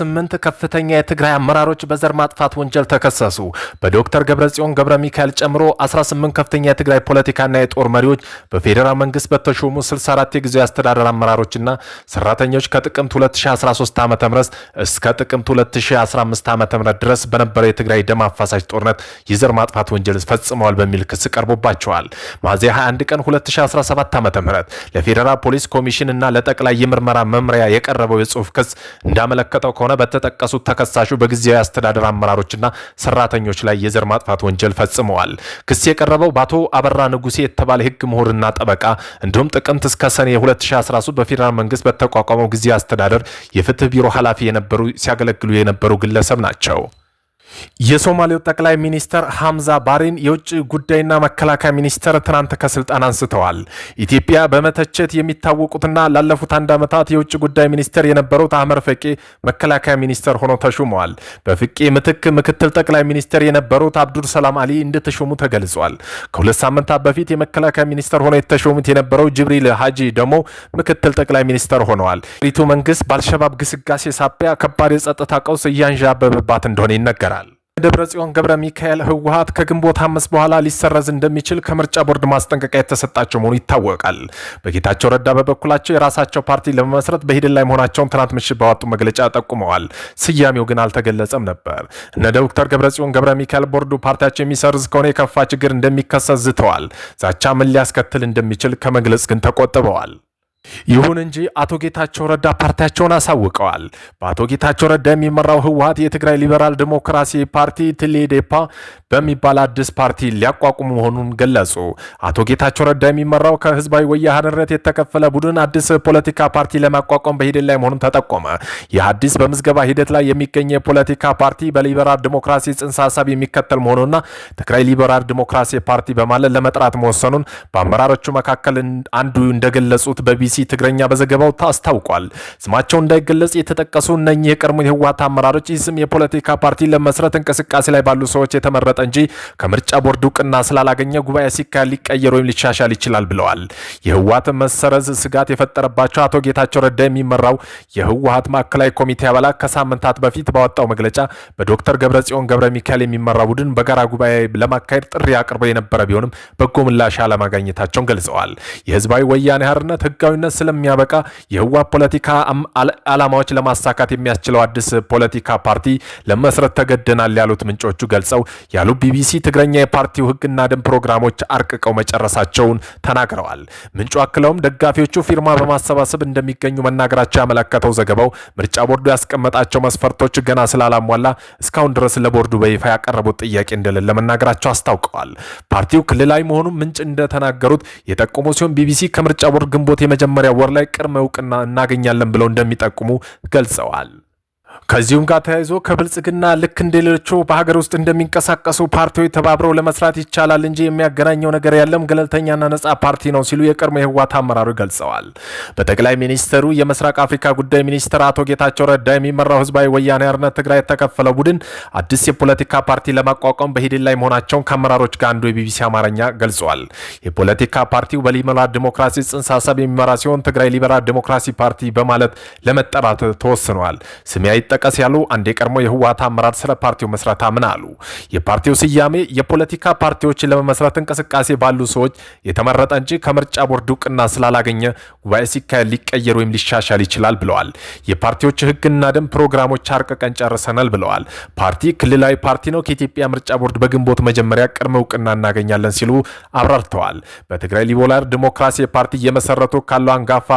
ስምንት ከፍተኛ የትግራይ አመራሮች በዘር ማጥፋት ወንጀል ተከሰሱ። በዶክተር ገብረጽዮን ገብረ ሚካኤል ጨምሮ 18 ከፍተኛ የትግራይ ፖለቲካና የጦር መሪዎች በፌዴራል መንግስት በተሾሙ 64 የጊዜ አስተዳደር አመራሮችና ሰራተኞች ከጥቅምት 2013 ዓ ም እስከ ጥቅምት 2015 ዓ ም ድረስ በነበረው የትግራይ ደም አፋሳሽ ጦርነት የዘር ማጥፋት ወንጀል ፈጽመዋል በሚል ክስ ቀርቦባቸዋል። ሚያዝያ 21 ቀን 2017 ዓ ም ለፌዴራል ፖሊስ ኮሚሽን እና ለጠቅላይ የምርመራ መምሪያ የቀረበው የጽሁፍ ክስ እንዳመለከተው ከሆነ ሆነ በተጠቀሱት ተከሳሹ በጊዜያዊ አስተዳደር አመራሮችና ሰራተኞች ላይ የዘር ማጥፋት ወንጀል ፈጽመዋል። ክስ የቀረበው በአቶ አበራ ንጉሴ የተባለ ህግ ምሁርና ጠበቃ እንዲሁም ጥቅምት እስከ ሰኔ 2013 በፌዴራል መንግስት በተቋቋመው ጊዜያዊ አስተዳደር የፍትህ ቢሮ ኃላፊ የነበሩ ሲያገለግሉ የነበሩ ግለሰብ ናቸው። የሶማሌው ጠቅላይ ሚኒስተር ሐምዛ ባሪን የውጭ ጉዳይና መከላከያ ሚኒስተር ትናንት ከስልጣን አንስተዋል። ኢትዮጵያ በመተቸት የሚታወቁትና ላለፉት አንድ ዓመታት የውጭ ጉዳይ ሚኒስተር የነበሩት አህመር ፈቄ መከላከያ ሚኒስተር ሆነው ተሹመዋል። በፍቄ ምትክ ምክትል ጠቅላይ ሚኒስተር የነበሩት አብዱል ሰላም አሊ እንደተሾሙ ተገልጿል። ከሁለት ሳምንታት በፊት የመከላከያ ሚኒስተር ሆነው የተሾሙት የነበረው ጅብሪል ሀጂ ደግሞ ምክትል ጠቅላይ ሚኒስተር ሆነዋል። ሪቱ መንግስት በአልሸባብ ግስጋሴ ሳቢያ ከባድ የጸጥታ ቀውስ እያንዣበበባት እንደሆነ ይነገራል። ደብረ ጽዮን ገብረ ሚካኤል ህወሀት ከግንቦት አምስት በኋላ ሊሰረዝ እንደሚችል ከምርጫ ቦርድ ማስጠንቀቂያ የተሰጣቸው መሆኑ ይታወቃል። በጌታቸው ረዳ በበኩላቸው የራሳቸው ፓርቲ ለመመስረት በሂደት ላይ መሆናቸውን ትናንት ምሽት ባወጡ መግለጫ ጠቁመዋል። ስያሜው ግን አልተገለጸም ነበር። እነ ዶክተር ገብረ ጽዮን ገብረ ሚካኤል ቦርዱ ፓርቲያቸው የሚሰርዝ ከሆነ የከፋ ችግር እንደሚከሰት ዝተዋል። ዛቻ ምን ሊያስከትል እንደሚችል ከመግለጽ ግን ተቆጥበዋል። ይሁን እንጂ አቶ ጌታቸው ረዳ ፓርቲያቸውን አሳውቀዋል። በአቶ ጌታቸው ረዳ የሚመራው ህወሀት የትግራይ ሊበራል ዲሞክራሲ ፓርቲ ትሌዴፓ በሚባል አዲስ ፓርቲ ሊያቋቁሙ መሆኑን ገለጹ። አቶ ጌታቸው ረዳ የሚመራው ከህዝባዊ ወያነ ሓርነት የተከፈለ ቡድን አዲስ ፖለቲካ ፓርቲ ለማቋቋም በሂደት ላይ መሆኑን ተጠቆመ። ይህ አዲስ በምዝገባ ሂደት ላይ የሚገኝ የፖለቲካ ፓርቲ በሊበራል ዲሞክራሲ ጽንሰ ሀሳብ የሚከተል መሆኑና ትግራይ ሊበራል ዲሞክራሲ ፓርቲ በማለት ለመጥራት መወሰኑን በአመራሮቹ መካከል አንዱ እንደገለጹት በቢ ቢቢሲ ትግረኛ በዘገባው አስታውቋል። ስማቸው እንዳይገለጽ የተጠቀሱ እነኚህ የቀድሞ የህወሀት አመራሮች ይህ ስም የፖለቲካ ፓርቲ ለመስረት እንቅስቃሴ ላይ ባሉ ሰዎች የተመረጠ እንጂ ከምርጫ ቦርድ እውቅና ስላላገኘ ጉባኤ ሲካሄድ ሊቀየር ወይም ሊሻሻል ይችላል ብለዋል። የህወሀት መሰረዝ ስጋት የፈጠረባቸው አቶ ጌታቸው ረዳ የሚመራው የህወሀት ማዕከላዊ ኮሚቴ አባላት ከሳምንታት በፊት ባወጣው መግለጫ በዶክተር ገብረጽዮን ገብረ ሚካኤል የሚመራ ቡድን በጋራ ጉባኤ ለማካሄድ ጥሪ አቅርበው የነበረ ቢሆንም በጎ ምላሽ አለማግኘታቸውን ገልጸዋል። የህዝባዊ ወያኔ ሓርነት ህጋዊ ስምምነት ስለሚያበቃ የህዋ ፖለቲካ ዓላማዎች ለማሳካት የሚያስችለው አዲስ ፖለቲካ ፓርቲ ለመስረት ተገደናል ያሉት ምንጮቹ ገልጸው ያሉ ቢቢሲ ትግረኛ የፓርቲው ህግና ደንብ ፕሮግራሞች አርቅቀው መጨረሳቸውን ተናግረዋል። ምንጩ አክለውም ደጋፊዎቹ ፊርማ በማሰባሰብ እንደሚገኙ መናገራቸው ያመለከተው ዘገባው ምርጫ ቦርዱ ያስቀመጣቸው መስፈርቶች ገና ስላላሟላ እስካሁን ድረስ ለቦርዱ በይፋ ያቀረቡት ጥያቄ እንደሌለ መናገራቸው አስታውቀዋል። ፓርቲው ክልላዊ መሆኑን ምንጭ እንደተናገሩት የጠቆሙ ሲሆን ቢቢሲ ከምርጫ ቦርድ ግንቦት የመጀመ መጀመሪያ ወር ላይ ቅድመ እውቅና እናገኛለን ብለው እንደሚጠቁሙ ገልጸዋል። ከዚሁም ጋር ተያይዞ ከብልጽግና ልክ እንደሌሎቹ በሀገር ውስጥ እንደሚንቀሳቀሱ ፓርቲዎች ተባብረው ለመስራት ይቻላል እንጂ የሚያገናኘው ነገር ያለም ገለልተኛና ነጻ ፓርቲ ነው ሲሉ የቀድሞ የህወሓት አመራሮች ገልጸዋል። በጠቅላይ ሚኒስትሩ የምስራቅ አፍሪካ ጉዳይ ሚኒስትር አቶ ጌታቸው ረዳ የሚመራው ህዝባዊ ወያኔ ሓርነት ትግራይ የተከፈለው ቡድን አዲስ የፖለቲካ ፓርቲ ለማቋቋም በሂደት ላይ መሆናቸውን ከአመራሮች ጋር አንዱ የቢቢሲ አማርኛ ገልጿል። የፖለቲካ ፓርቲው በሊበራል ዲሞክራሲ ጽንሰ ሀሳብ የሚመራ ሲሆን ትግራይ ሊበራል ዲሞክራሲ ፓርቲ በማለት ለመጠራት ተወስኗል። ስሚያ ጠቀስ ያሉ አንድ የቀድሞ የህወሀት አመራር ስለ ፓርቲው መስረታ ምን አሉ? የፓርቲው ስያሜ የፖለቲካ ፓርቲዎችን ለመመስረት እንቅስቃሴ ባሉ ሰዎች የተመረጠ እንጂ ከምርጫ ቦርድ እውቅና ስላላገኘ ጉባኤ ሲካሄድ ሊቀየር ወይም ሊሻሻል ይችላል ብለዋል። የፓርቲዎች ህግና ደንብ ፕሮግራሞች አርቅቀን ጨርሰናል ብለዋል። ፓርቲ ክልላዊ ፓርቲ ነው። ከኢትዮጵያ ምርጫ ቦርድ በግንቦት መጀመሪያ ቅድመ እውቅና እናገኛለን ሲሉ አብራርተዋል። በትግራይ ሊቦላር ዲሞክራሲ ፓርቲ እየመሰረቱ ካለው አንጋፋ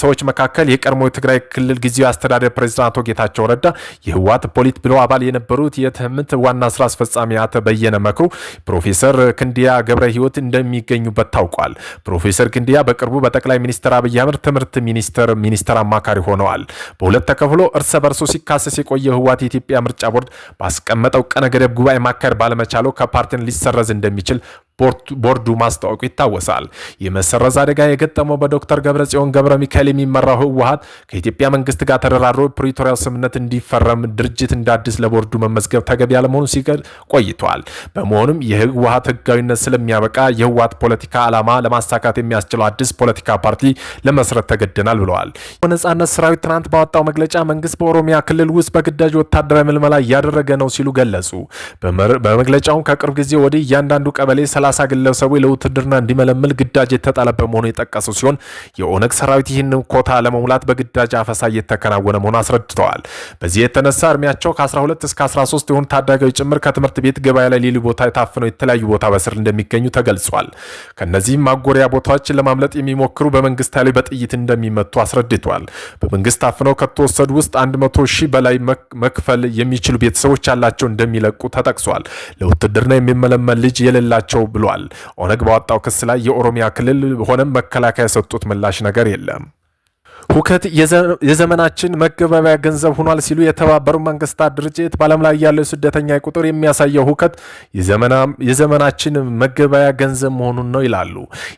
ሰዎች መካከል የቀድሞ የትግራይ ክልል ጊዜያዊ አስተዳደር ፕሬዚዳንት አቶ ጌታቸው ረዳ፣ የህወሓት ፖሊት ቢሮ አባል የነበሩት የትህምት ዋና ስራ አስፈጻሚ አቶ በየነ መክሩ፣ ፕሮፌሰር ክንዲያ ገብረ ህይወት እንደሚገኙበት ታውቋል። ፕሮፌሰር ክንዲያ በቅርቡ በጠቅላይ ሚኒስትር አብይ አህመድ ትምህርት ሚኒስትር ሚኒስትር አማካሪ ሆነዋል። በሁለት ተከፍሎ እርስ በርሶ ሲካሰስ የቆየ ህወሓት የኢትዮጵያ ምርጫ ቦርድ ባስቀመጠው ቀነ ገደብ ጉባኤ ማካሄድ ባለመቻለው ከፓርቲን ሊሰረዝ እንደሚችል ቦርዱ ማስታወቁ ይታወሳል። የመሰረዝ አደጋ የገጠመው በዶክተር ገብረጽዮን ገብረ ሚካኤል የሚመራው ህወሀት ከኢትዮጵያ መንግስት ጋር ተደራድሮ ፕሪቶሪያ ስምምነት እንዲፈረም ድርጅት እንደ አዲስ ለቦርዱ መመዝገብ ተገቢ ያለመሆኑ ሲገል ቆይቷል። በመሆኑም የህወሀት ህጋዊነት ስለሚያበቃ የህወሀት ፖለቲካ ዓላማ ለማሳካት የሚያስችለው አዲስ ፖለቲካ ፓርቲ ለመስረት ተገደናል ብለዋል። በነጻነት ሰራዊት ትናንት ባወጣው መግለጫ መንግስት በኦሮሚያ ክልል ውስጥ በግዳጅ ወታደራዊ ምልመላ እያደረገ ነው ሲሉ ገለጹ። በመግለጫውም ከቅርብ ጊዜ ወዲህ እያንዳንዱ ቀበሌ ሰላሳ ግለሰቦች ለውትድርና እንዲመለምል ግዳጅ የተጣለበት መሆኑ የጠቀሱ ሲሆን የኦነግ ሰራዊት ይህን ኮታ ለመሙላት በግዳጅ አፈሳ እየተከናወነ መሆኑ አስረድተዋል። በዚህ የተነሳ እድሜያቸው ከ12 እስከ 13 የሆኑ ታዳጊዎች ጭምር ከትምህርት ቤት ገበያ ላይ ሌሉ ቦታ የታፍነው የተለያዩ ቦታ በስር እንደሚገኙ ተገልጿል። ከነዚህም ማጎሪያ ቦታዎችን ለማምለጥ የሚሞክሩ በመንግስት ላይ በጥይት እንደሚመቱ አስረድተዋል። በመንግስት ታፍነው ከተወሰዱ ውስጥ 100 ሺህ በላይ መክፈል የሚችሉ ቤተሰቦች ያላቸው እንደሚለቁ ተጠቅሷል። ለውትድርና የሚመለመል ልጅ የሌላቸው ብሏል። ኦነግ ባወጣው ክስ ላይ የኦሮሚያ ክልል ሆነም መከላከያ የሰጡት ምላሽ ነገር የለም። ሁከት የዘመናችን መገበቢያ ገንዘብ ሆኗል ሲሉ የተባበሩ መንግስታት ድርጅት በዓለም ላይ ያለው ስደተኛ ቁጥር የሚያሳየው ሁከት የዘመናችን መገበያ ገንዘብ መሆኑን ነው ይላሉ።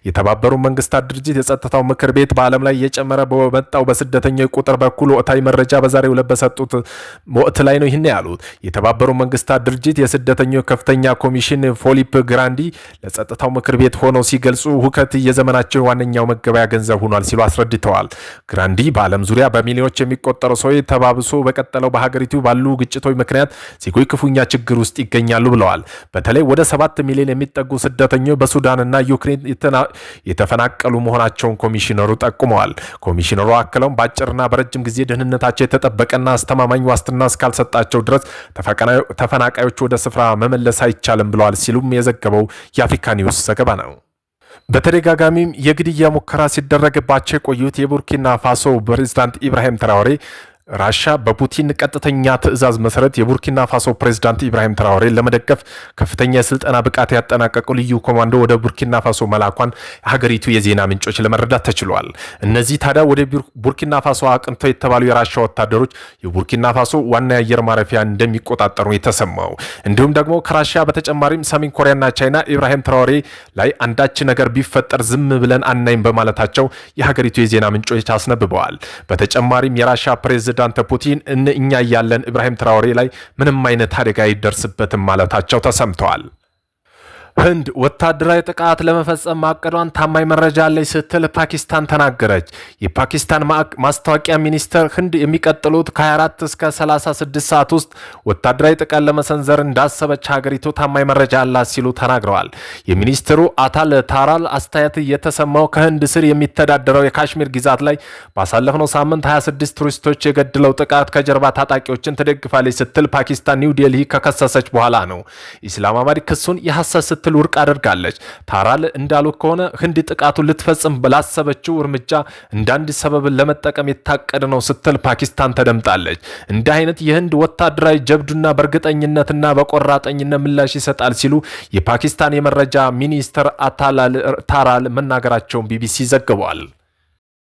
የተባበሩ መንግስታት ድርጅት የጸጥታው ምክር ቤት በዓለም ላይ እየጨመረ በመጣው በስደተኛ ቁጥር በኩል ወቅታዊ መረጃ በዛሬው ዕለት በሰጡት ወቅት ላይ ነው ይህን ያሉት። የተባበሩ መንግስታት ድርጅት የስደተኞች ከፍተኛ ኮሚሽን ፎሊፕ ግራንዲ ለጸጥታው ምክር ቤት ሆነው ሲገልጹ ሁከት የዘመናችን ዋነኛው መገበያ ገንዘብ ሆኗል ሲሉ አስረድተዋል። ግራንዲ በዓለም ዙሪያ በሚሊዮኖች የሚቆጠሩ ሰዎች ተባብሶ በቀጠለው በሀገሪቱ ባሉ ግጭቶች ምክንያት ዜጎች ክፉኛ ችግር ውስጥ ይገኛሉ ብለዋል። በተለይ ወደ ሰባት ሚሊዮን የሚጠጉ ስደተኞች በሱዳንና ዩክሬን የተፈናቀሉ መሆናቸውን ኮሚሽነሩ ጠቁመዋል። ኮሚሽነሩ አክለውም በአጭርና በረጅም ጊዜ ደህንነታቸው የተጠበቀና አስተማማኝ ዋስትና እስካልሰጣቸው ድረስ ተፈናቃዮች ወደ ስፍራ መመለስ አይቻልም ብለዋል ሲሉም የዘገበው የአፍሪካ ኒውስ ዘገባ ነው። በተደጋጋሚም የግድያ ሙከራ ሲደረግባቸው የቆዩት የቡርኪና ፋሶ ፕሬዝዳንት ኢብራሂም ትራኦሬ ራሻ በፑቲን ቀጥተኛ ትዕዛዝ መሰረት የቡርኪና ፋሶ ፕሬዝዳንት ኢብራሂም ትራሬ ለመደገፍ ከፍተኛ የስልጠና ብቃት ያጠናቀቁ ልዩ ኮማንዶ ወደ ቡርኪና ፋሶ መላኳን ሀገሪቱ የዜና ምንጮች ለመረዳት ተችሏል። እነዚህ ታዲያ ወደ ቡርኪና ፋሶ አቅንተው የተባሉ የራሻ ወታደሮች የቡርኪና ፋሶ ዋና የአየር ማረፊያ እንደሚቆጣጠሩ የተሰማው እንዲሁም ደግሞ ከራሻ በተጨማሪም ሰሜን ኮሪያና ቻይና ኢብራሂም ትራውሬ ላይ አንዳች ነገር ቢፈጠር ዝም ብለን አናይም በማለታቸው የሀገሪቱ የዜና ምንጮች አስነብበዋል። በተጨማሪም የራሻ ፕሬዝዳንት ፕሬዚዳንት ፑቲን እኛ እያለን ኢብራሂም ትራውሬ ላይ ምንም አይነት አደጋ አይደርስበትም ማለታቸው ተሰምተዋል። ህንድ ወታደራዊ ጥቃት ለመፈጸም ማቀዷን ታማኝ መረጃ አለኝ ስትል ፓኪስታን ተናገረች። የፓኪስታን ማስታወቂያ ሚኒስትር ህንድ የሚቀጥሉት ከ24 እስከ 36 ሰዓት ውስጥ ወታደራዊ ጥቃት ለመሰንዘር እንዳሰበች ሀገሪቱ ታማኝ መረጃ አላት ሲሉ ተናግረዋል። የሚኒስትሩ አታል ታራል አስተያየት የተሰማው ከህንድ ስር የሚተዳደረው የካሽሚር ግዛት ላይ ባሳለፍነው ሳምንት 26 ቱሪስቶች የገድለው ጥቃት ከጀርባ ታጣቂዎችን ትደግፋለች ስትል ፓኪስታን ኒው ዴልሂ ከከሰሰች በኋላ ነው። ኢስላማባድ ክሱን የሐሰት ስትል ውድቅ አድርጋለች። ታራል እንዳሉት ከሆነ ህንድ ጥቃቱን ልትፈጽም ላሰበችው እርምጃ እንዳንድ ሰበብን ለመጠቀም የታቀደ ነው ስትል ፓኪስታን ተደምጣለች። እንዲህ አይነት የህንድ ወታደራዊ ጀብዱና በእርግጠኝነትና በቆራጠኝነት ምላሽ ይሰጣል ሲሉ የፓኪስታን የመረጃ ሚኒስትር አታላል ታራል መናገራቸውን ቢቢሲ ዘግቧል።